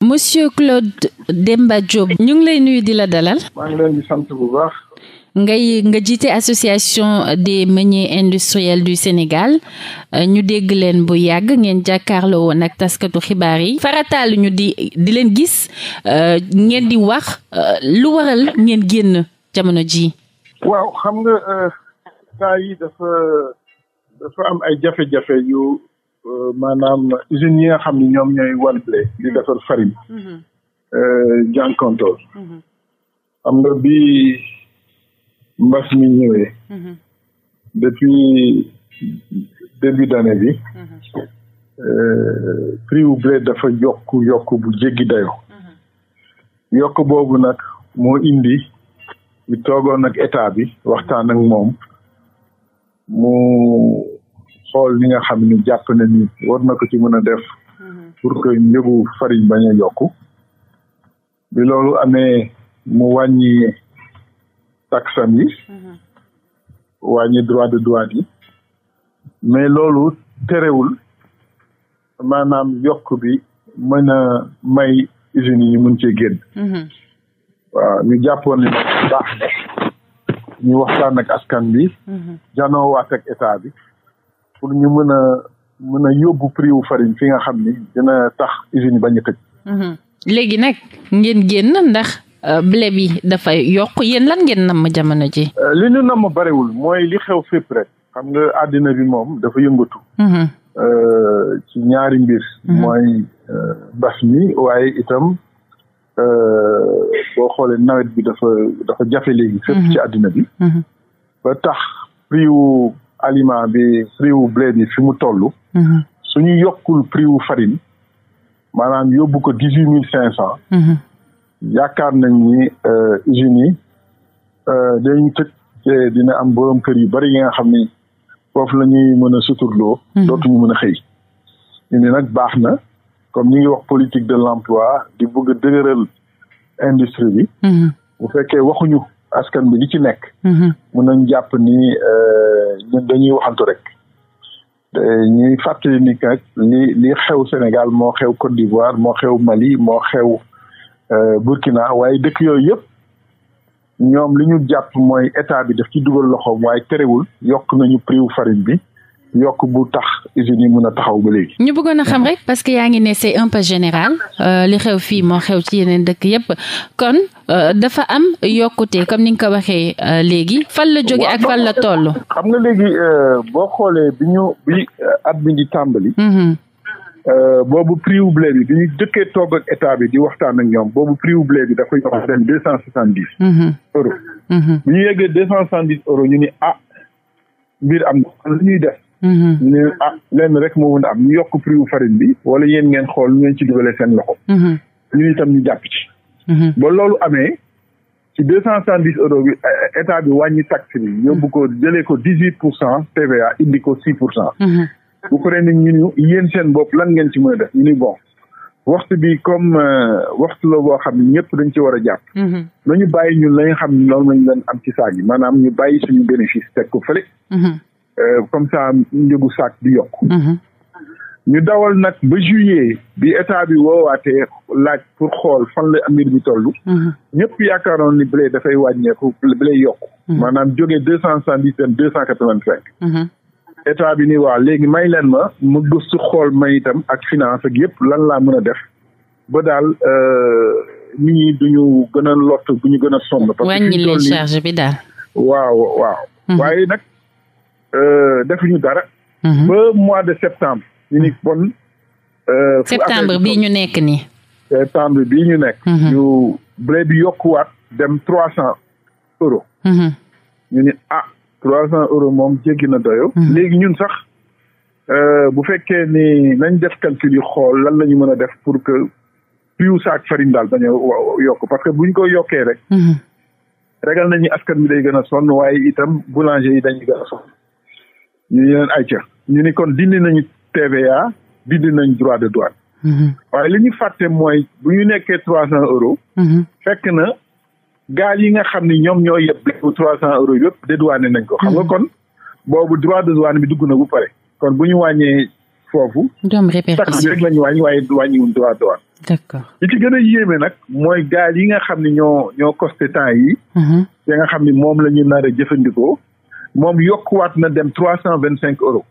Monsieur Claude Demba Diop ñu ngi lay nuyu di la dalal. maa nga jiite association des meuniers industriels du Sénégal euh, ñu dégg leen bu yàgg ngeen jàkkaarloo woon ak taskatu xibaar yi. farataal ñu di di leen gis euh, ngeen di wax euh, lu waral ngeen génn jamono ji waaw xam nga saa yi dafa am ay jafe-jafe yu maanaam usines yi nga xam ne ñoom ñooy wal blé di defar farine mm-hmm. euh, jànkontoor mm-hmm. xam nga bi mbas mi ñëwee mm-hmm. depuis début d'année bi euh, prix wu dafa yokk yokk bu jéggi dayo yokk boobu nag moo indi ñu toogoon ak état bi waxtaan ak moom mu xool li nga xam ni jàpp na ni war na ko ci mën a def mhm. pour que njëgu fariñ bañ a bi loolu amee mu wàññi taxam yi mhm. wàññi droit de douane yi mais loolu terewul maanaam yokk bi mën a may usines yi ñu mun cee génn mhm. waaw ñu jàppoon ni baax na ñu waxtaan ak askan bi janoowaat ak état bi pour ñu mën a mën a yóbbu prix wu farine fi nga xam ni dina tax usine bañ tëj. Mhm. léegi nag ngeen génn ndax euh, blé bi dafa yokk yéen lan ngeen namm jamono ji. Euh, li ñu namm barewul mooy li xew fépp rek xam nga àddina bi moom dafa yëngatu. Mhm. Euh, ci ñaari mbir. Mhm. mooy mbas mi waaye itam boo xoolee nawet bi dafa dafa jafe léegi. fépp ci àddina bi. ba tax prix aliment bi prix wu blé bi fi mu toll. Mhm. su ñu yokkul prix wu farine maanaam yóbbu ko dix huit mille cinq cent. Mhm. yaakaar nañ ni euh, usines yi euh, dañu tëj te dina am boroom kër yu bari yi nga xam ni foofu la ñuy mën a suturloo. Mhm. dootuñu mën a xëy. ñu ne nag baax na comme ñu ngi wax politique de l'emploi di bëgg a dëgëral industrie bi. bu fekkee waxuñu. askan bi li ci nekk. Mm-hmm. mun nañ jàpp ni euh, ñun dañuy waxantu rek. ñuy fàttali ni nag li li xew Sénégal moo xew Côte d'Ivoire moo xew Mali moo xew euh, Burkina waaye dëkk yooyu yëpp ñoom li ñu jàpp mooy état bi def ci dugal loxoom waaye terewul yokk nañu prix wu farine bi. yokk bu tax usines yi a taxaw ba léegi. ñu bëggoon a xam rek parce que yaa ngi ne c'est un peu général euh, li xew fii moo xew ci yeneen dëkk yépp kon euh, dafa am yokkute comme ni nga ko waxee euh, léegi. fan la jóge ak fan la toll. xam nga léegi boo xoolee bi ñu bi at bi ñu tàmbali. Mhm. boobu prix wu blé bi bi ñu jëkkee toog ak état bi di waxtaan ak ñoom boobu prix wu blé bi dafa yokk dem deux cent soixante dix. Mhm. euros. Mhm. bi ñu yeggee deux cent soixante dix euros ñu ni ah mbir am na ñuy def. Mm-hmm. ñu ah lenn rek moo mën a am ñu yokk prix farine bi wala yéen ngeen xool ngeen ci dugalee seen loxo. Mm-hmm. ñun itam ñu jàpp ci. Mm-hmm. ba loolu amee ci deux cent soixante dix euros bi eh, eh, état bi wàññi taxe bi yóbbu ko jëlee ko dix huit pour cent TVA indi ko six pour cent. bu ko ñu ñu yéen seen bopp lan ngeen ci mën a def ñu ni bon. waxtu bi comme euh, waxtu la boo xam ne ñëpp dañ ci war a jàpp. nañu bàyyi ñu la nga xam ne loolu lañ leen am ci saag yi maanaam ñu bàyyi suñu bénéfice teg Euh, comme ça njëgu saak di yokk mm-hmm. ñu dawal nag ba juillet bi état bi woowaatee laaj pour xool fan la mbir mi toll. Mm-hmm. ñëpp yaakaaroon ni blé dafay wàññeeku blé yokk. Mm-hmm. maanaam jógee deux cent soixante dix dem deux cent quatre vingt cinq. état bi ni waa léegi may leen ma mu xool may itam ak finance ak yëpp lan laa mën a def ba daal euh, nit ñi duñu gën a lott bu ñu gën a parce que wàññi leen charge bi daal. waaw waaw. waaye nag. Euh, defu ñu dara. Mhm. ba mois de septembre. ñu ni bon. Euh, septembre bi ñu nekk nii. septembre bii ñu nekk. Mhm. ñu blé bi yokkuwaat dem trois cent euros. Mhm. ñu ni ah trois cent euro moom jéggi na doyo léegi ñun sax euh, bu fekkee ni nañ def calcul yi xool lan la ñu mën a def pour que prix saak farine daal dañoo yokk parce que buñ koy yokkee rek. ragal nañu askan bi day gën a sonn waaye itam boulanger yi dañuy gën a sonn. ñu ne leen ayca ñu ni kon dindi nañu a dindi nañ droit de douane. Mhm. waaye li ñu fàtte mooy bu ñu nekkee trois cent euros. Mhm. fekk na gaal yi nga xam ne ñoom ñoo yeb bu trois cent euros yëpp dédouané nañ ko. xam nga mhm. kon boobu droit de douane bi dugg na bu pare. kon bu ñu wàññee foofu. doom tax bi rek la ñu wàññi waaye wàññiwuñ droit de d'accord li ci gën a yéeme nag mooy gaal yi nga xam ni ñoo ñoo costé temps yi. ya nga xam ne moom la ñu nar a jëfandikoo. moom yokkuwaat na dem trois cent vingt cinq euros.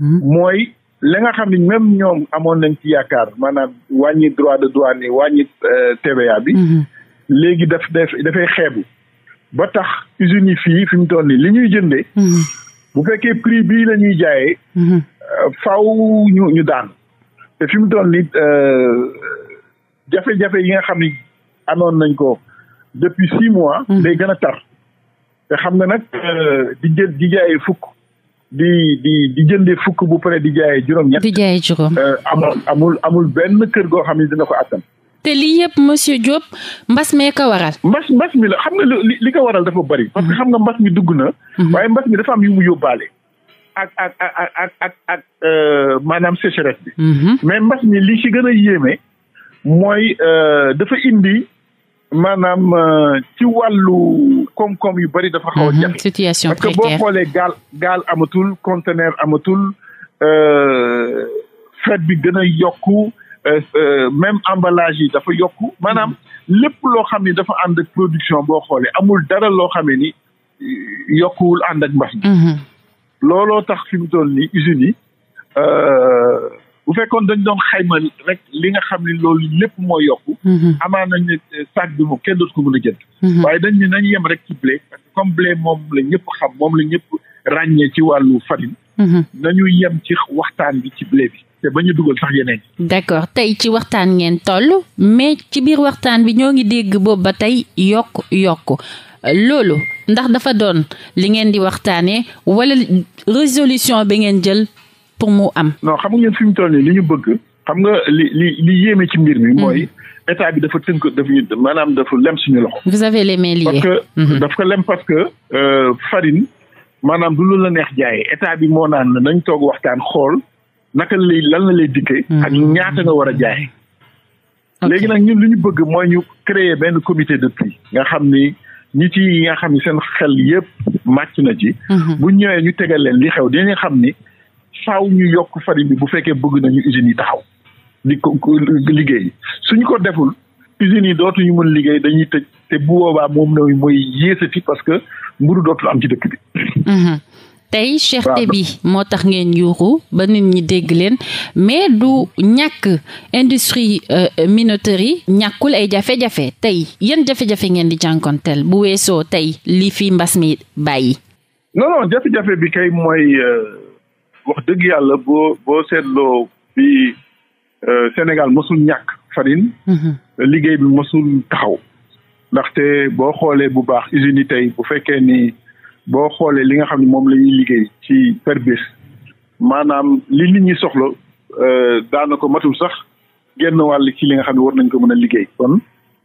Hmm. mooy la nga xam ni même ñoom amoon nañ ci yaakaar maanaam wàññi droit de douane yi wàññi euh, TVA bi. Hmm. léegi daf def dafay xeebu. ba tax usines yi fii fi mu toll nii li ñuy jëndee. Hmm. bu fekkee prix bii lañuy ñuy jaayee. Euh, faw ñu ñu daan. te fi mu toll nii euh, jafe-jafe yi nga xam ni anoon nañ ko depuis six mois. day gën a tar. te xam nga nag euh, di jël di jaayee fukk di di di jënde fukk bu pare di jaayee juróom-ñett. di jaayee juróom. Euh, amul amul benn kër goo xam ne dina ko attan. te lii yëpp monsieur Diop mbas mee ko waral. mbas mbas mi la xam nga li ko waral dafa bari. parce que xam nga mbas mi dugg na. Mhm. waaye mbas mi dafa am yu mu yóbbaale. ak ak ak ak ak ak euh, maanaam sécheresse bi. Mhm. mais mbas mi li ci gën a yéeme mooy dafa indi maanaam ci wàllu. koom-koom yu bëri dafa xaw a mhm. jafe situation parce gaal gaal amatul conteneur amatul euh, fret bi gën a yokku euh, euh, même emballage yi dafa yokk maanaam mhm. lépp loo xam ni dafa ànd ak production boo xoolee amul dara loo xam ne ni yokkuwul ànd ak mbas mhm. looloo tax fi mu toll nii usines yi bu fekkoon dañ doon xayma rek li nga xam ni loolu lépp moo yokku mhm. amaana nañ ne eh, sac bi moom kenn dootu ko mën a jënd mhm. waaye dañ ne nañ yem rek ci blé parce comme blé moom la ñëpp xam moom la ñëpp ràññee ci wàllu farine mhm. nañu yem ci waxtaan bi ci blé bi te ba ñu dugal sax yeneen d'accord tey ci waxtaan ngeen toll mais ci biir waxtaan bi ñoo ngi dégg boobu ba tey yokk yokk loolu ndax dafa doon li ngeen di waxtaanee wala résolution bi ngeen jël pour mu am. non xam nga ñun fi toll nii li ñu bëgg xam nga li li li yéeme ci mbir mi hmm. mooy. état bi dafa tënk dafa ñu maanaam dafa lem suñu loxo. vous avez les mains liées parce que hmm. dafa ko lem parce que euh, farine maanaam du lu la neex jaayee état bi moo naan nañ toog waxtaan xool naka li lan la lay dikkee. Hmm. ak ñaata nga war a jaay. léegi nag ñun li ñu bëgg mooy ñu créer benn comité de prix nga xam ni ñi ci yi nga xam ni seen xel yëpp màcc na ci. bu ñëwee ñu tegal leen li xew dinañ xam ni. faaw ñu yokk farine bi bu fekkee bëgg nañu usines yi taxaw di ko liggéey suñu ko deful usines yi dootuñu mën liggéey dañuy tëj te bu boobaa moom la mooy yéesati parce que mburu dootul am ci dëkk bi. Mhm. tey cherté bi moo tax ngeen yuuxu ba nit ñi dégg leen mais du ñàkk industrie euh, minoterie yi ñàkkul ay jafe-jafe tey yan jafe-jafe ngeen di jànkonteel bu weesoo tey li fi mbas mi bàyyi. non non jafe-jafe bi kay mooy. Euh, wax dëgg yàlla boo boo seetloo bi euh, Sénégal mosul ñàkk farine. Mhm. liggéey bi mosul taxaw. ndaxte boo xoolee bu baax usines yi tey bu fekkee ni boo xoolee li nga xam ne moom la ñuy liggéey ci per bés maanaam li nit ñi soxla euh, daanaka matul sax genn wàll ci li nga xam ne war nañ ko mën a liggéey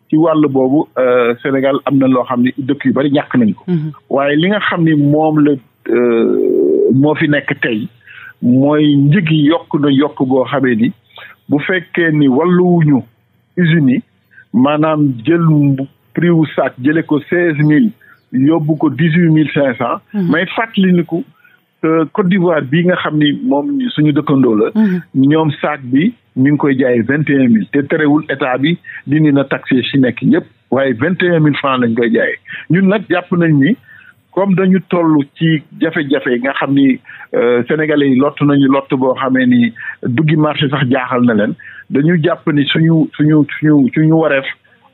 ci wàll boobu euh, Sénégal am na loo xam dëkk yu bari ñàkk mhm. waaye li nga xam ni moom la moo fi nekk tey mooy njëg yi yokk na yokk boo xamee ni bu fekkee ni wàlluwuñu usines yi maanaam jël prix wu sac jële ko seize mille yóbbu ko dix huit mille cinq cent mm-hmm. may fàttali ni ko Côte d'Ivoire bii nga xam ni moom suñu dëkkandoo la mm-hmm. ñoom sac bi ñu ngi koy jaayee vingt et un mille te terewul état bi dindi na taxe si nekk yëpp waaye vingt un mille franc lañ koy jaaye ñun nag yàpp nañ ni comme dañu tollu ci jafe-jafe nga xam ni euh, sénégalais yi lott nañu lott boo xamee ni duggi marché sax jaaxal na leen dañu jàpp ni suñu suñu suñu suñu wareef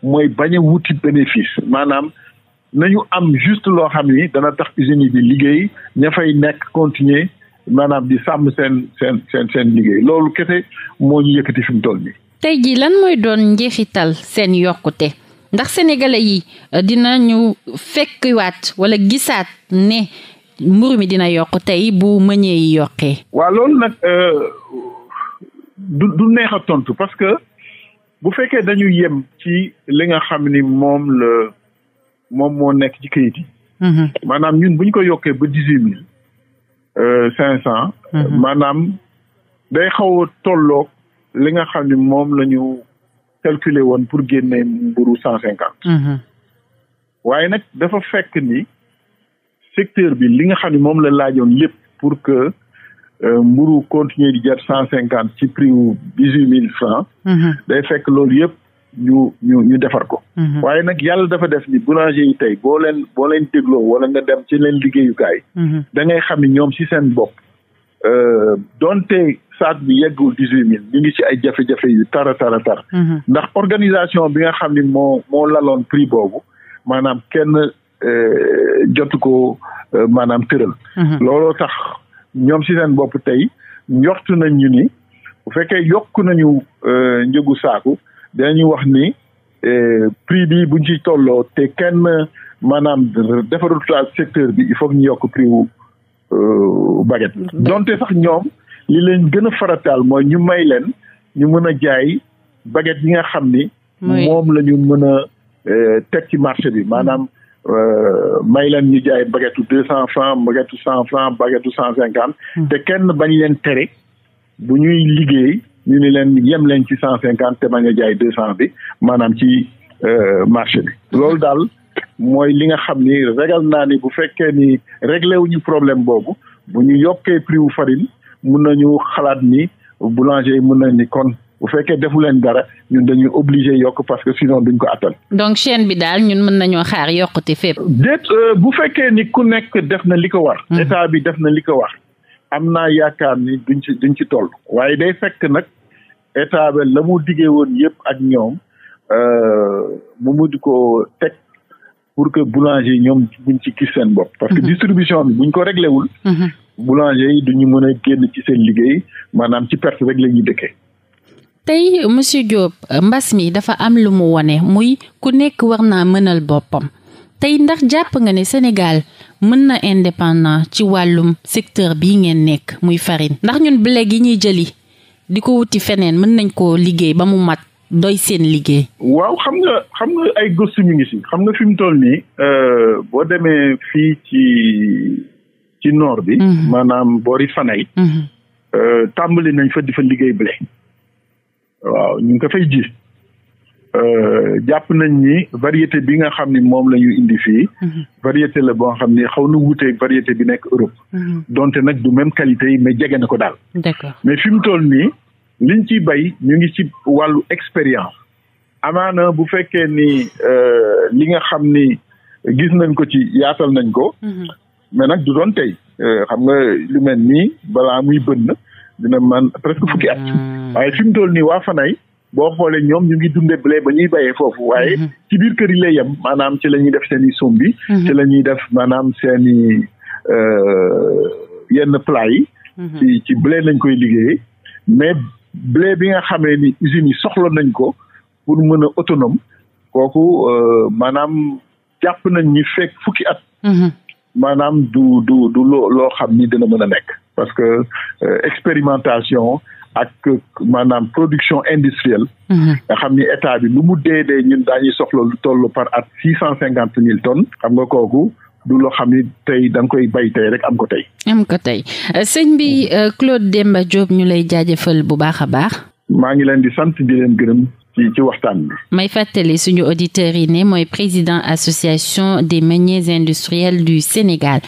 mooy bañ wuti bénéfice maanaam nañu am juste loo xam ni dana tax usines yi di liggéey ña fay nekk continuer maanaam di sàmm seen seen seen seen liggéey loolu kese moo ñu yëkkati fi mu toll nii. tey jii lan mooy doon njeexital seen yokkute. ndax sénégalais yi euh, dinañu fekkiwaat wala gisaat ne mburu mi dina yokk tey bu mëñee yi yokkee. waaw loolu nag euh, du du neex a tontu parce que bu fekkee dañu yem ci li nga xam ni moom la moom moo nekk ci kayit yi. Mhm. maanaam ñun bu ñu ko yokkee ba dix huit mille euh, cinq cent. Mhm. maanaam day xaw tollook li nga xam ni moom la calculé woon pour génne mburu cent cinquante mhm. waaye nag dafa fekk ni secteur bi li nga xam ne moom la laajoon lépp pour que euh, mburu continuer di jar cent cinquante ci prix wu dix huit mille francs mhm. day fekk loolu yëpp ñu ñu ñu defar ko mhm. waaye nag yàlla dafa def ni boulanger yi tey boo leen boo leen dégloo wala nga dem ci leen liggéeyukaay da ngay xam ni ñoom ci seen bopp Euh, donte saat bi yeggul dix huit mille ñu ngi ci ay jafe-jafe yu tara tara tar mhm. ndax organisation bi nga xam ni moo moo laloon prix boobu maanaam kenn euh, jotu ko euh, maanaam tëral mhm. looloo tax ñoom ci seen bopp tey njortu nañ ñu ni bu fekkee yokk nañu njëgu saaku dinañu wax ni prix bi buñ ci tolloo te kenn maanaam defarul secteur bi il faut ñu yokk prix Euh, baguette donte sax ñoom li leen gën a farataal mooy ñu may leen ñu mën a jaay baguette yi nga xam ni moom la ñu mën a euh, teg ci marché bi maanaam euh, may leen ñu jaay baguette u deux cent francs baguette u cent francs baguette u cent cinquante hmm. te kenn bañ leen tere bu ñuy liggéey ñu ni leen yem leen ci cent cinquante te bañ a jaay deux cent bi maanaam ci marché bi loolu daal mooy li nga xam ni regal naa ni bu fekkee ni réglé ñu problème boobu bu ñu yokkee prix wu farine mun nañu xalaat ni boulanger yi mun na ni kon bu fekkee defu leen dara ñun dañuy obliger yokk parce que sinon duñ ko attan. donc chaîne bi daal ñun mën nañoo xaar yokkute fépp. déet euh, bu fekkee ni ku nekk def na li ko war. Hmm. état bi def na li ko war. am naa yaakaar ni duñ ci duñ ci toll. waaye day fekk nag état bi la mu diggee woon yëpp ak ñoom euh, mu mujj ko teg pour que boulanger yi ñoom buñ ci gis seen bopp. parce que mhm. distribution bi buñ ko réglé wul. Mhm. boulanger yi duñu mën a génn ci seen liggéey maanaam ci perte rek la ñuy tey monsieur Diop mbas mi dafa am lu mu wone muy ku nekk war naa mënal boppam tey ndax jàpp nga ne Sénégal mën na indépendant ci wàllum secteur bi ngeen nekk muy farine ndax ñun blé gi ñuy jëli di ko wuti feneen mën nañ ko liggéey ba mu mat doy seen liggéey. waaw xam nga xam nga ay gëstu mi ngi si xam nga fi mu toll nii euh, boo demee fii ci ci nord bi. Mhm. maanaam boori Fanay. Mhm. Euh, tàmbali nañ fa di fa liggéey blé. waaw ñu ngi ko ji. Euh, jàpp nañ ni variété bi nga xam ni moom lañuy indi fii. Mhm. variété la boo xam ni xaw na wuuteeg variété bi nekk Europe. donte nag du même qualité yi mais jege na ko daal. d'accord mais fi toll nii. liñ ciy bay ñu ngi ci wàllu expérience amaana bu fekkee ni euh, li nga xam ni gis nañ ko ci yaatal nañ ko mm-hmm. mais nag du doon tey euh, xam nga lu mel nii balaa muy bënn dina man presque fukki at mm-hmm. waaye fi mu toll nii waa Fanaye boo xoolee ñoom ñu ngi dundee blé ba ñuy bayee foofu waaye mm-hmm. ci biir kër yi lay yem maanaam ci lañuy def seen i sombi ci la ñuy def maanaam seen i euh, yenn plat yi ci ci blé lañ koy liggéeyee blé bi nga xamee ni usines yi soxla nañ ko pour mën a autonome kooku euh, maanaam jàpp nañ ni fek fukki at mm-hmm. maanaam du du du loo loo xam ni dina mën a nekk parce que euh, expérimentation ak maanaam production industrielle mm-hmm. nga xam ni état bi lu mu dee dee ñun daañuy soxla lu par at six cent cinquante mille tonnes xam nga kooku du loo xam ni tey da koy bay tey rek am ko tey. am ko tey sëñ bi mm-hmm. euh, Claude Demba Diop ñu lay jaajëfal bu baax a baax. maa ngi leen di sant di leen gërëm. ci ci waxtaan bi. may fàttali suñu auditeurs yi ne mooy président association des meuniers industriels du Sénégal.